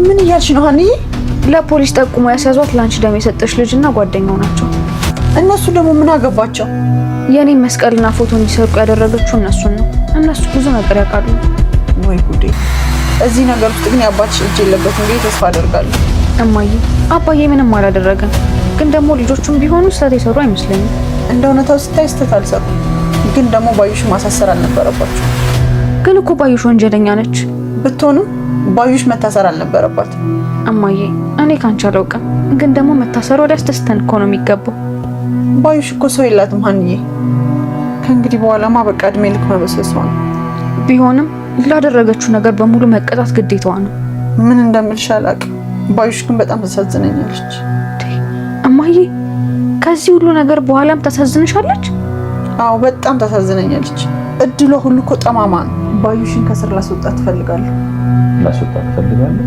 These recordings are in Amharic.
ምን እያልሽ ነው ሀንዬ? ለፖሊስ ጠቁሞ ያስያዟት ለአንቺ ደም የሰጠች ልጅ እና ጓደኛው ናቸው። እነሱ ደግሞ ምን አገባቸው? የእኔ መስቀልና ፎቶ እንዲሰርቁ ያደረገችው እነሱን ነው። እነሱ ብዙ ነገር ያውቃሉ። ወይ ጉዴ! እዚህ ነገር ውስጥ ግን የአባትሽ እጅ የለበትም ብዬ ተስፋ አደርጋለሁ። እማዬ፣ አባዬ ምንም አላደረገም። ግን ደግሞ ልጆቹም ቢሆኑ ስህተት የሰሩ አይመስለኝም። እንደ እውነታው ስታይ ስህተት አልሰሩ። ግን ደግሞ ባዩሽ ማሳሰር አልነበረባቸው። ግን እኮ ባዩሽ ወንጀለኛ ነች ብትሆንም ባዩሽ መታሰር አልነበረባት። እማዬ እኔ ካንቺ አላውቅም፣ ግን ደግሞ መታሰሯ ሊያስደስተን እኮ ነው የሚገባው። ባዩሽ እኮ ሰው የላትም ሀንዬ። ከእንግዲህ በኋላማ በቃ እድሜ ልክ መበሰሷ ነው። ቢሆንም ላደረገችው ነገር በሙሉ መቀጣት ግዴታዋ ነው። ምን እንደምልሽ አላውቅም። ባዩሽ ግን በጣም ተሳዝነኛለች እማዬ። ከዚህ ሁሉ ነገር በኋላም ተሳዝንሻለች? አዎ በጣም ተሳዝነኛለች። እድሏ ሁሉ እኮ ጠማማ ነው። ባዩሽን ከስር ላስወጣት ትፈልጋለሁ። ላስወጣት ትፈልጋለሁ?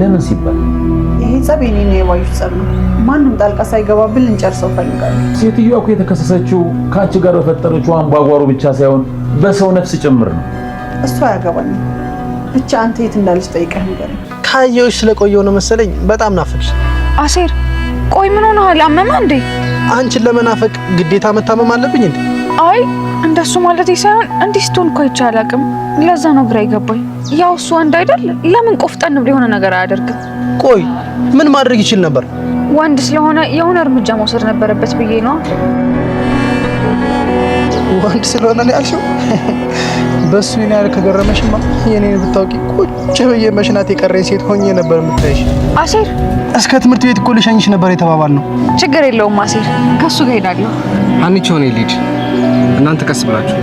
ለምን ሲባል ይሄ ጸብ የኔና የባዩሽ ጸብ ነው። ማንም ጣልቃ ሳይገባብን ልንጨርሰው እፈልጋለሁ። ሴትዮዋ እኮ የተከሰሰችው ከአንቺ ጋር በፈጠረችው አንቧጓሮ ብቻ ሳይሆን በሰው ነፍስ ጭምር ነው። እሱ አያገባኝም። ብቻ አንተ የት እንዳለች ጠይቀህ ንገረኝ። ካየሁሽ ስለቆየሁ ነው መሰለኝ በጣም ናፈቅሽ። አሴር ቆይ ምን ሆነሃል? አመመህ እንዴ? አንቺን ለመናፈቅ ግዴታ መታመም አለብኝ እንዴ? አይ እንደሱ ማለት ሳይሆን እንዲህ ስትሆን እኮ አይቼ አላውቅም። ለዛ ነው ግራ ይገባኝ። ያው እሱ ወንድ አይደል? ለምን ቆፍጠን ብሎ የሆነ ነገር አያደርግም? ቆይ ምን ማድረግ ይችል ነበር? ወንድ ስለሆነ የሆነ እርምጃ መውሰድ ነበረበት ብዬ ነው። ወንድ ስለሆነ ነው ያልሽው? በሱ ይሄን ያህል ከገረመሽማ የኔን ብታውቂ ቁጭ ብዬ መሽናት የቀረኝ ሴት ሆኜ ነበር የምታይሽ። አሴር እስከ ትምህርት ቤት እኮ ልሸኝሽ ነበር የተባባል ነው። ችግር የለውም አሴር፣ ከሱ ጋር ሄዳለሁ። አንቺ ሆነ ልጅ እናንተ ቀስ ብላችሁ።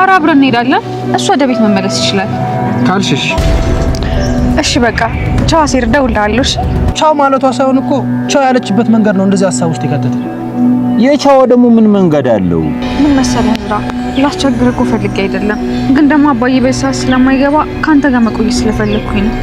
አረ አብረን እንሄዳለን። እሱ ወደ ቤት መመለስ ይችላል ካልሽሽ። እሺ በቃ ቻው አሴር፣ እደውልልሃለሁ። ቻው ማለቷ ሳይሆን እኮ ቻው ያለችበት መንገድ ነው እንደዚህ ሀሳብ ውስጥ የከተተ። የቻው ደግሞ ምን መንገድ አለው? ምን መሰለህ ዝራ፣ ላስቸግርህ እኮ ፈልጌ አይደለም፣ ግን ደግሞ አባዬ በሳ ስለማይገባ ከአንተ ጋር መቆየት ስለፈለግኩኝ ነው።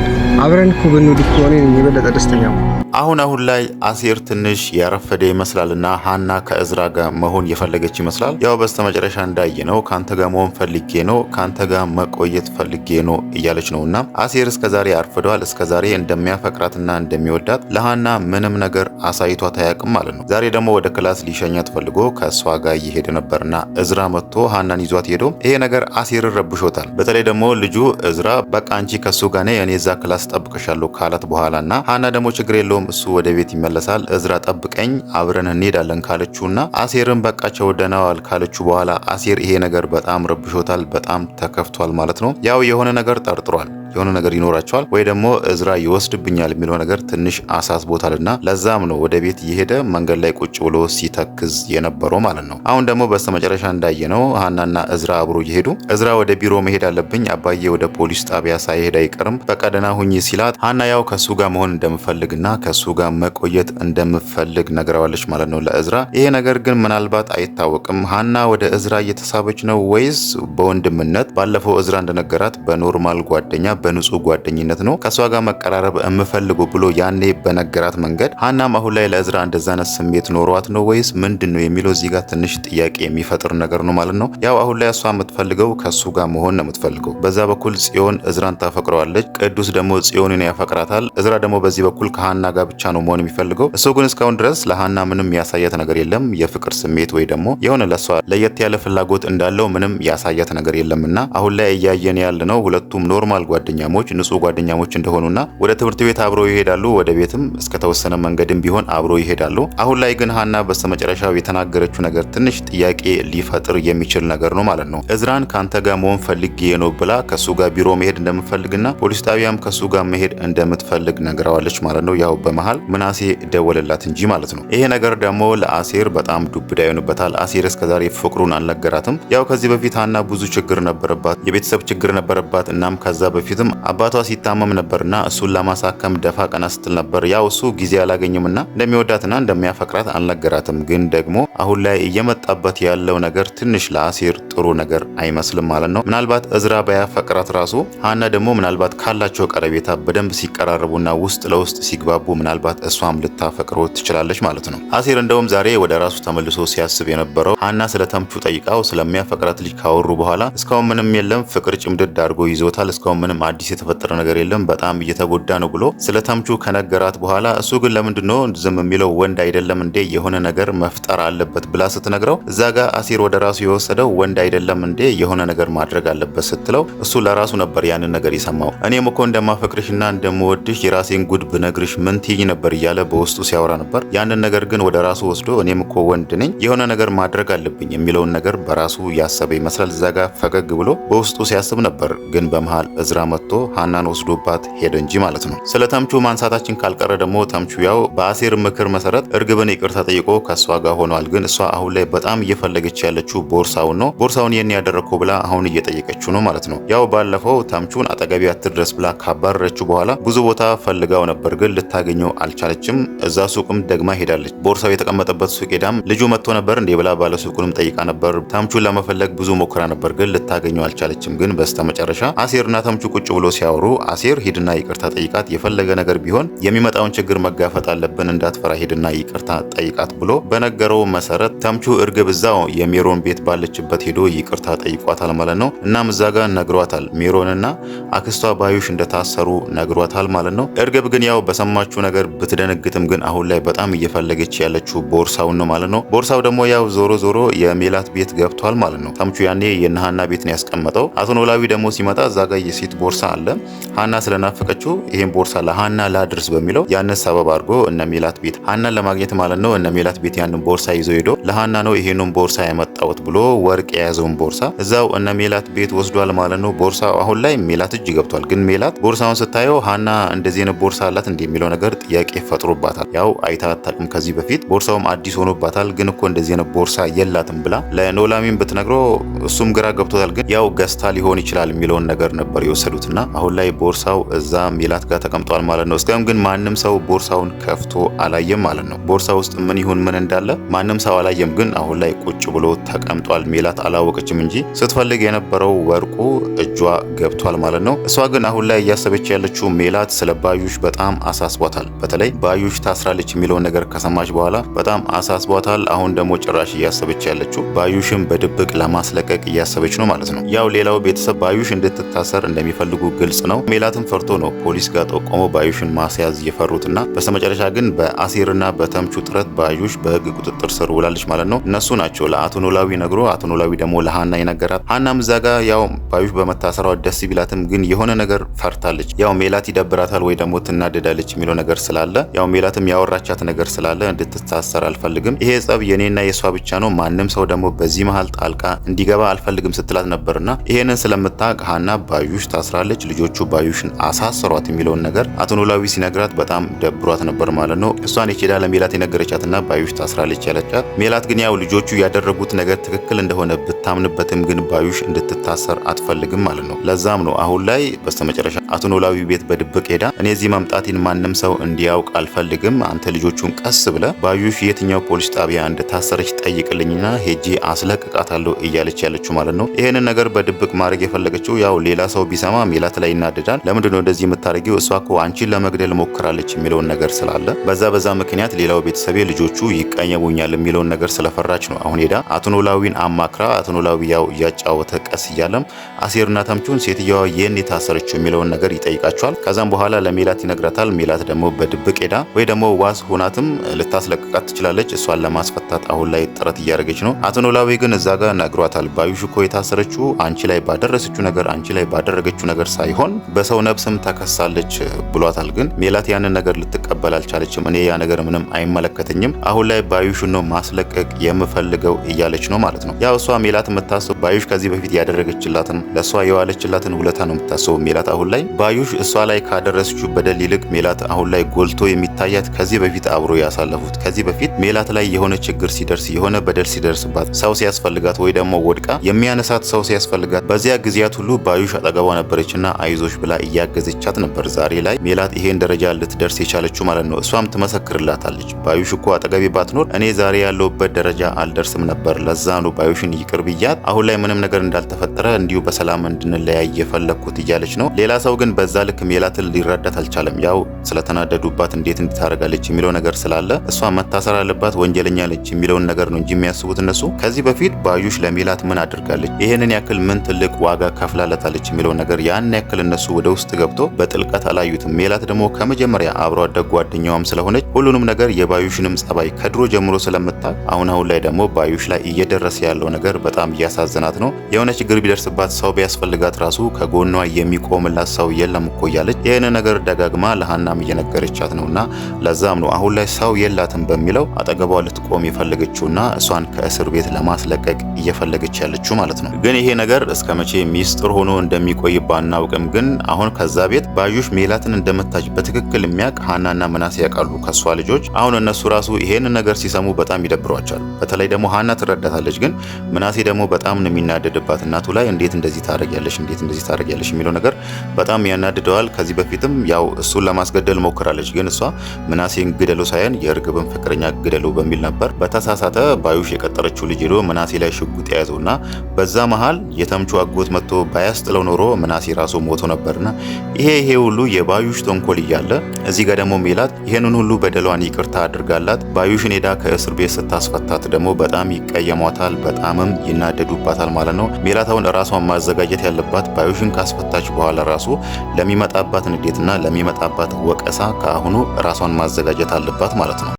አብረን እኮ ብንውድ ከሆነ የበለጠ ደስተኛው አሁን አሁን ላይ አሴር ትንሽ ያረፈደ ይመስላልና ሀና ከእዝራ ጋር መሆን የፈለገች ይመስላል። ያው በስተመጨረሻ እንዳየ ነው ከአንተ ጋር መሆን ፈልጌ ነው ከአንተ ጋር መቆየት ፈልጌ ነው እያለች ነው። እና አሴር እስከዛሬ አርፍደዋል። እስከዛሬ እንደሚያፈቅራትና እንደሚወዳት ለሀና ምንም ነገር አሳይቷት አያውቅም ማለት ነው። ዛሬ ደግሞ ወደ ክላስ ሊሸኛት ፈልጎ ከእሷ ጋር እየሄደ ነበርና እዝራ መጥቶ ሀናን ይዟት ሄዶ ይሄ ነገር አሴርን ረብሾታል። በተለይ ደግሞ ልጁ እዝራ በቃ አንቺ ከሱ ጋር እኔ እዛ ክላስ ጠብቀሻለሁ ካላት በኋላ እና ሀና ደግሞ ችግር የለውም እሱ ወደ ቤት ይመለሳል። እዝራ ጠብቀኝ አብረን እንሄዳለን ካለችውና አሴርን በቃቸው ደናዋል ካለችው በኋላ አሴር ይሄ ነገር በጣም ረብሾታል፣ በጣም ተከፍቷል ማለት ነው። ያው የሆነ ነገር ጠርጥሯል። የሆነ ነገር ይኖራቸዋል ወይ ደግሞ እዝራ ይወስድብኛል የሚለው ነገር ትንሽ አሳስቦታልና ለዛም ነው ወደ ቤት እየሄደ መንገድ ላይ ቁጭ ብሎ ሲተክዝ የነበረው ማለት ነው። አሁን ደግሞ በስተመጨረሻ እንዳየ ነው ሀናና እዝራ አብሮ እየሄዱ እዝራ ወደ ቢሮ መሄድ አለብኝ አባዬ ወደ ፖሊስ ጣቢያ ሳይሄድ አይቀርም በቃ ደህና ሁኝ ሲላት ሀና ያው ከሱ ጋር መሆን እንደምፈልግና ከሱ ጋር መቆየት እንደምፈልግ ነግረዋለች ማለት ነው ለእዝራ። ይሄ ነገር ግን ምናልባት አይታወቅም። ሀና ወደ እዝራ እየተሳበች ነው ወይስ በወንድምነት ባለፈው እዝራ እንደነገራት በኖርማል ጓደኛ በንጹህ ጓደኝነት ነው ከእሷ ጋር መቀራረብ የምፈልጉ ብሎ ያኔ በነገራት መንገድ ሀናም አሁን ላይ ለእዝራ እንደዛነት ስሜት ኖሯት ነው ወይስ ምንድን ነው የሚለው እዚህ ጋር ትንሽ ጥያቄ የሚፈጥር ነገር ነው ማለት ነው። ያው አሁን ላይ እሷ የምትፈልገው ከሱ ጋር መሆን ነው የምትፈልገው። በዛ በኩል ጽዮን እዝራን ታፈቅረዋለች፣ ቅዱስ ደግሞ ጽዮንን ያፈቅራታል። እዝራ ደግሞ በዚህ በኩል ከሀና ጋር ብቻ ነው መሆን የሚፈልገው። እሱ ግን እስካሁን ድረስ ለሀና ምንም ያሳያት ነገር የለም። የፍቅር ስሜት ወይ ደግሞ የሆነ ለእሷ ለየት ያለ ፍላጎት እንዳለው ምንም ያሳያት ነገር የለምና አሁን ላይ እያየን ያለ ነው ሁለቱም ኖርማል ጓደ ጓደኛሞች ንጹህ ጓደኛሞች እንደሆኑና ወደ ትምህርት ቤት አብረው ይሄዳሉ፣ ወደ ቤትም እስከተወሰነ መንገድም ቢሆን አብረው ይሄዳሉ። አሁን ላይ ግን ሀና በስተመጨረሻው የተናገረችው ነገር ትንሽ ጥያቄ ሊፈጥር የሚችል ነገር ነው ማለት ነው። እዝራን ከአንተ ጋር መሆን ፈልጌ ነው ብላ ከሱ ጋር ቢሮ መሄድ እንደምትፈልግና ፖሊስ ጣቢያም ከሱ ጋር መሄድ እንደምትፈልግ ነግረዋለች ማለት ነው። ያው በመሀል ምናሴ ደወለላት እንጂ ማለት ነው። ይሄ ነገር ደግሞ ለአሴር በጣም ዱብዳ ይሆንበታል። አሴር እስከዛሬ ፍቅሩን አልነገራትም። ያው ከዚህ በፊት ሀና ብዙ ችግር ነበረባት፣ የቤተሰብ ችግር ነበረባት። እናም ከዛ በፊት በፊትም አባቷ ሲታመም ነበርና እሱን ለማሳከም ደፋ ቀና ስትል ነበር። ያው እሱ ጊዜ አላገኝምና እንደሚወዳትና እንደሚያፈቅራት አልነገራትም። ግን ደግሞ አሁን ላይ እየመጣበት ያለው ነገር ትንሽ ለአሲር ጥሩ ነገር አይመስልም ማለት ነው። ምናልባት እዝራ ባያፈቅራት ራሱ ሀና ደግሞ ምናልባት ካላቸው ቀረቤታ በደንብ ሲቀራረቡና ውስጥ ለውስጥ ሲግባቡ ምናልባት እሷም ልታፈቅሮ ትችላለች ማለት ነው። አሴር እንደውም ዛሬ ወደ ራሱ ተመልሶ ሲያስብ የነበረው ሀና ስለ ተምቹ ጠይቃው ስለሚያፈቅራት ልጅ ካወሩ በኋላ እስካሁን ምንም የለም፣ ፍቅር ጭምድድ አድርጎ ይዞታል፣ እስካሁን ምንም አዲስ የተፈጠረ ነገር የለም፣ በጣም እየተጎዳ ነው ብሎ ስለ ተምቹ ከነገራት በኋላ እሱ ግን ለምንድን ዝም የሚለው ወንድ አይደለም እንዴ የሆነ ነገር መፍጠር አለበት ብላ ስትነግረው እዛ ጋር አሴር ወደ ራሱ የወሰደው ወንድ አይደለም እንዴ የሆነ ነገር ማድረግ አለበት ስትለው እሱ ለራሱ ነበር ያንን ነገር የሰማው። እኔም እኮ እንደማፈቅርሽና እንደምወድሽ የራሴን ጉድ ብነግርሽ ምን ትይኝ ነበር እያለ በውስጡ ሲያወራ ነበር። ያንን ነገር ግን ወደ ራሱ ወስዶ እኔም እኮ ወንድ ነኝ የሆነ ነገር ማድረግ አለብኝ የሚለውን ነገር በራሱ ያሰበ ይመስላል። እዛ ጋ ፈገግ ብሎ በውስጡ ሲያስብ ነበር። ግን በመሃል እዝራ መጥቶ ሀናን ወስዶባት ሄደ እንጂ ማለት ነው። ስለ ተምቹ ማንሳታችን ካልቀረ ደግሞ ተምቹ ያው በአሴር ምክር መሰረት እርግብን ይቅርታ ጠይቆ ከእሷ ጋር ሆኗል። ግን እሷ አሁን ላይ በጣም እየፈለገች ያለችው ቦርሳውን ነው። ቦክሳውን የኔ ያደረግኩ ብላ አሁን እየጠየቀችው ነው ማለት ነው። ያው ባለፈው ታምቹን አጠገቢ አትድረስ ብላ ካባረረችው በኋላ ብዙ ቦታ ፈልጋው ነበር፣ ግን ልታገኘው አልቻለችም። እዛ ሱቅም ደግማ ሄዳለች። ቦርሳው የተቀመጠበት ሱቅ ሄዳም ልጁ መጥቶ ነበር እንዴ ብላ ባለ ሱቁንም ጠይቃ ነበር። ታምቹን ለመፈለግ ብዙ ሞክራ ነበር፣ ግን ልታገኘው አልቻለችም። ግን በስተመጨረሻ አሴርና ታምቹ ቁጭ ብሎ ሲያወሩ አሴር ሂድና ይቅርታ ጠይቃት፣ የፈለገ ነገር ቢሆን የሚመጣውን ችግር መጋፈጥ አለብን፣ እንዳትፈራ ሂድና ይቅርታ ጠይቃት ብሎ በነገረው መሰረት ታምቹ እርግብ እዛው የሜሮን ቤት ባለችበት ሄዶ ይቅርታ ጠይቋታል ማለት ነው። እናም እዛ ጋር ነግሯታል። ሚሮንና አክስቷ ባዩሽ እንደታሰሩ ነግሯታል ማለት ነው። እርግብ ግን ያው በሰማችው ነገር ብትደነግትም ግን አሁን ላይ በጣም እየፈለገች ያለችው ቦርሳውን ነው ማለት ነው። ቦርሳው ደግሞ ያው ዞሮ ዞሮ የሜላት ቤት ገብቷል ማለት ነው። ተምቹ ያኔ የነሃና ቤት ነው ያስቀመጠው። አቶ ኖላዊ ደግሞ ሲመጣ እዛ ጋር የሴት ቦርሳ አለ። ሀና ስለናፈቀችው ይሄን ቦርሳ ለሀና ላድርስ በሚለው ያንን ሰበብ አድርጎ እነ ሜላት ቤት ሀናን ለማግኘት ማለት ነው። እነ ሜላት ቤት ያንን ቦርሳ ይዞ ሄዶ ለሀና ነው ይሄንን ቦርሳ ያመጣውት ብሎ ወርቅ የያዘ የያዘውን ቦርሳ እዛው እነ ሜላት ቤት ወስዷል ማለት ነው። ቦርሳው አሁን ላይ ሜላት እጅ ገብቷል። ግን ሜላት ቦርሳውን ስታየው ሀና እንደዚህ አይነት ቦርሳ አላት እንዲ የሚለው ነገር ጥያቄ ፈጥሮባታል። ያው አይታ አታውቅም ከዚህ በፊት ቦርሳውም አዲስ ሆኖባታል። ግን እኮ እንደዚህ አይነት ቦርሳ የላትም ብላ ለኖላሚን ብትነግረው እሱም ግራ ገብቶታል። ግን ያው ገዝታ ሊሆን ይችላል የሚለውን ነገር ነበር የወሰዱትና አሁን ላይ ቦርሳው እዛ ሜላት ጋር ተቀምጧል ማለት ነው። እስካሁን ግን ማንም ሰው ቦርሳውን ከፍቶ አላየም ማለት ነው። ቦርሳ ውስጥ ምን ይሁን ምን እንዳለ ማንም ሰው አላየም። ግን አሁን ላይ ቁጭ ብሎ ተቀምጧል። ሜላት አላ አላወቀችም እንጂ ስትፈልግ የነበረው ወርቁ እጇ ገብቷል ማለት ነው። እሷ ግን አሁን ላይ እያሰበች ያለችው ሜላት ስለ ባዩሽ በጣም አሳስቧታል። በተለይ ባዩሽ ታስራለች የሚለውን ነገር ከሰማች በኋላ በጣም አሳስቧታል። አሁን ደግሞ ጭራሽ እያሰበች ያለችው ባዩሽን በድብቅ ለማስለቀቅ እያሰበች ነው ማለት ነው። ያው ሌላው ቤተሰብ ባዩሽ እንድትታሰር እንደሚፈልጉ ግልጽ ነው። ሜላትም ፈርቶ ነው ፖሊስ ጋር ጠቆሞ ባዩሽን ማስያዝ የፈሩትና በስተመጨረሻ ግን በአሲርና በተምቹ ጥረት ባዩሽ በህግ ቁጥጥር ስር ውላለች ማለት ነው። እነሱ ናቸው ለአቶ ኖላዊ ነግሮ አቶ ኖላዊ ደግሞ ለሀና ይነገራት። ሀናም እዛ ጋ ያው ባዩሽ በመታሰሯ ደስ ቢላትም ግን የሆነ ነገር ፈርታለች። ያው ሜላት ይደብራታል ወይ ደግሞ ትናደዳለች የሚለው ነገር ስላለ ያው ሜላትም ያወራቻት ነገር ስላለ እንድትታሰር አልፈልግም፣ ይሄ ጸብ የኔና የእሷ ብቻ ነው፣ ማንም ሰው ደግሞ በዚህ መሀል ጣልቃ እንዲገባ አልፈልግም ስትላት ነበርና ይሄንን ስለምታውቅ ሀና ባዩሽ ታስራለች፣ ልጆቹ ባዩሽን አሳስሯት የሚለውን ነገር አቶ ኖላዊ ሲነግራት በጣም ደብሯት ነበር ማለት ነው። እሷን የኬዳ ለሜላት የነገረቻትና ባዩሽ ታስራለች ያለቻት ሜላት ግን ያው ልጆቹ ያደረጉት ነገር ትክክል እንደሆነበት ብታምንበትም ግን ባዩሽ እንድትታሰር አትፈልግም ማለት ነው። ለዛም ነው አሁን ላይ በስተመጨረሻ አቶ ኖላዊ ቤት በድብቅ ሄዳ እኔ እዚህ መምጣቴን ማንም ሰው እንዲያውቅ አልፈልግም፣ አንተ ልጆቹን ቀስ ብለ ባዩሽ የትኛው ፖሊስ ጣቢያ እንደታሰረች ጠይቅልኝና ሄጄ አስለቅቃታለሁ እያለች ያለችው ማለት ነው። ይህንን ነገር በድብቅ ማድረግ የፈለገችው ያው ሌላ ሰው ቢሰማ ሜላት ላይ ይናደዳል። ለምንድነው እንደዚህ የምታደርጊው? እሷ እኮ አንቺን ለመግደል ሞክራለች የሚለውን ነገር ስላለ በዛ በዛ ምክንያት ሌላው ቤተሰቤ ልጆቹ ይቀየሙኛል የሚለውን ነገር ስለፈራች ነው አሁን ሄዳ አቶ ኖላዊን አማክራ አቶ ኖላዊ ያው እያጫወተ ቀስ እያለም አሴርና ተምቹን ሴትየዋ የን የታሰረችው የሚለውን ነገር ይጠይቃቸዋል። ከዛም በኋላ ለሜላት ይነግራታል። ሜላት ደግሞ በድብቅ ሄዳ ወይ ደግሞ ዋስ ሆናትም ልታስለቅቃት ትችላለች። እሷን ለማስፈታት አሁን ላይ ጥረት እያደረገች ነው። አቶ ኖላዊ ግን እዛ ጋር ነግሯታል። ባዩሽ እኮ የታሰረችው አንቺ ላይ ባደረሰችው ነገር አንቺ ላይ ባደረገችው ነገር ሳይሆን በሰው ነብስም ተከሳለች ብሏታል። ግን ሜላት ያንን ነገር ልትቀበል አልቻለችም። እኔ ያ ነገር ምንም አይመለከተኝም፣ አሁን ላይ ባዩሽ ነው ማስለቀቅ የምፈልገው እያለች ነው ማለት ነው። ያው እሷ ሜላት የምታስበው ባዩሽ ከዚህ በፊት ያደረገችላትን ለእሷ የዋለችላትን ውለታ ነው የምታስበው ሜላት አሁን ላይ ባዩሽ እሷ ላይ ካደረሰችው በደል ይልቅ ሜላት አሁን ላይ ጎልቶ የሚታያት ከዚህ በፊት አብሮ ያሳለፉት ከዚህ በፊት ሜላት ላይ የሆነ ችግር ሲደርስ የሆነ በደል ሲደርስባት ሰው ሲያስፈልጋት ወይ ደግሞ ወድቃ የሚያነሳት ሰው ሲያስፈልጋት በዚያ ጊዜያት ሁሉ ባዩሽ አጠገቧ ነበረችና አይዞሽ ብላ እያገዘቻት ነበር። ዛሬ ላይ ሜላት ይሄን ደረጃ ልትደርስ የቻለችው ማለት ነው። እሷም ትመሰክርላታለች። ባዩሽ እኮ አጠገቤ ባትኖር እኔ ዛሬ ያለውበት ደረጃ አልደርስም ነበር። ለዛ ነው ባዩሽን ይቅር ብያት አሁን ላይ ምንም ነገር እንዳልተፈጠረ እንዲሁ በሰላም እንድንለያይ የፈለግኩት እያለች ነው ሌላ ሰው ሰው ግን በዛ ልክ ሜላትን ሊረዳት አልቻለም። ያው ስለተናደዱባት እንዴት እንድታደርጋለች የሚለው ነገር ስላለ እሷ መታሰር አለባት ወንጀለኛ ነች የሚለውን ነገር ነው እንጂ የሚያስቡት እነሱ ከዚህ በፊት ባዩሽ ለሜላት ምን አድርጋለች፣ ይህንን ያክል ምን ትልቅ ዋጋ ከፍላለታለች የሚለው ነገር ያን ያክል እነሱ ወደ ውስጥ ገብቶ በጥልቀት አላዩትም። ሜላት ደግሞ ከመጀመሪያ አብሮ አደግ ጓደኛዋም ስለሆነች ሁሉንም ነገር የባዩሽንም ጸባይ ከድሮ ጀምሮ ስለምታል አሁን አሁን ላይ ደግሞ ባዩሽ ላይ እየደረሰ ያለው ነገር በጣም እያሳዘናት ነው። የሆነ ችግር ቢደርስባት ሰው ቢያስፈልጋት ራሱ ከጎኗ የሚቆምላት ሰው ሰው የለም እኮ እያለች ይህን ነገር ደጋግማ ለሀናም እየነገረቻት ነውና ለዛም ነው አሁን ላይ ሰው የላትም በሚለው አጠገቧ ልትቆም የፈለገችውና እሷን ከእስር ቤት ለማስለቀቅ እየፈለገች ያለችው ማለት ነው። ግን ይሄ ነገር እስከ መቼ ሚስጥር ሆኖ እንደሚቆይ ባናውቅም ግን አሁን ከዛ ቤት ባዩሽ ሜላትን እንደመታች በትክክል የሚያውቅ ሀናና መናስ ያውቃሉ ከሷ ልጆች። አሁን እነሱ ራሱ ይሄን ነገር ሲሰሙ በጣም ይደብሯቸዋል። በተለይ ደግሞ ሀና ትረዳታለች፣ ግን ምናሴ ደግሞ በጣም ነው የሚናደድባት እናቱ ላይ እንዴት እንደዚህ ታደርጊያለሽ፣ እንዴት እንደዚህ ታደርጊያለሽ የሚለው ነገር በጣም በጣም ያናድደዋል። ከዚህ በፊትም ያው እሱን ለማስገደል ሞክራለች፣ ግን እሷ ምናሴን ግደሉ ሳይሆን የእርግብን ፍቅረኛ ግደሉ በሚል ነበር። በተሳሳተ ባዩሽ የቀጠረችው ልጅ ሄዶ ምናሴ ላይ ሽጉጥ የያዘውና በዛ መሀል የተምቹ አጎት መጥቶ ባያስጥለው ኖሮ ምናሴ ራሱ ሞቶ ነበርና ይሄ ይሄ ሁሉ የባዩሽ ተንኮል እያለ እዚህ ጋር ደግሞ ሜላት ይህንን ሁሉ በደሏን ይቅርታ አድርጋላት ባዩሽን ሄዳ ከእስር ቤት ስታስፈታት ደግሞ በጣም ይቀየሟታል፣ በጣምም ይናደዱባታል ማለት ነው። ሜላታውን ራሷን ማዘጋጀት ያለባት ባዩሽን ካስፈታች በኋላ ራሱ ለሚመጣባት ንዴትና ለሚመጣባት ወቀሳ ከአሁኑ ራሷን ማዘጋጀት አለባት ማለት ነው።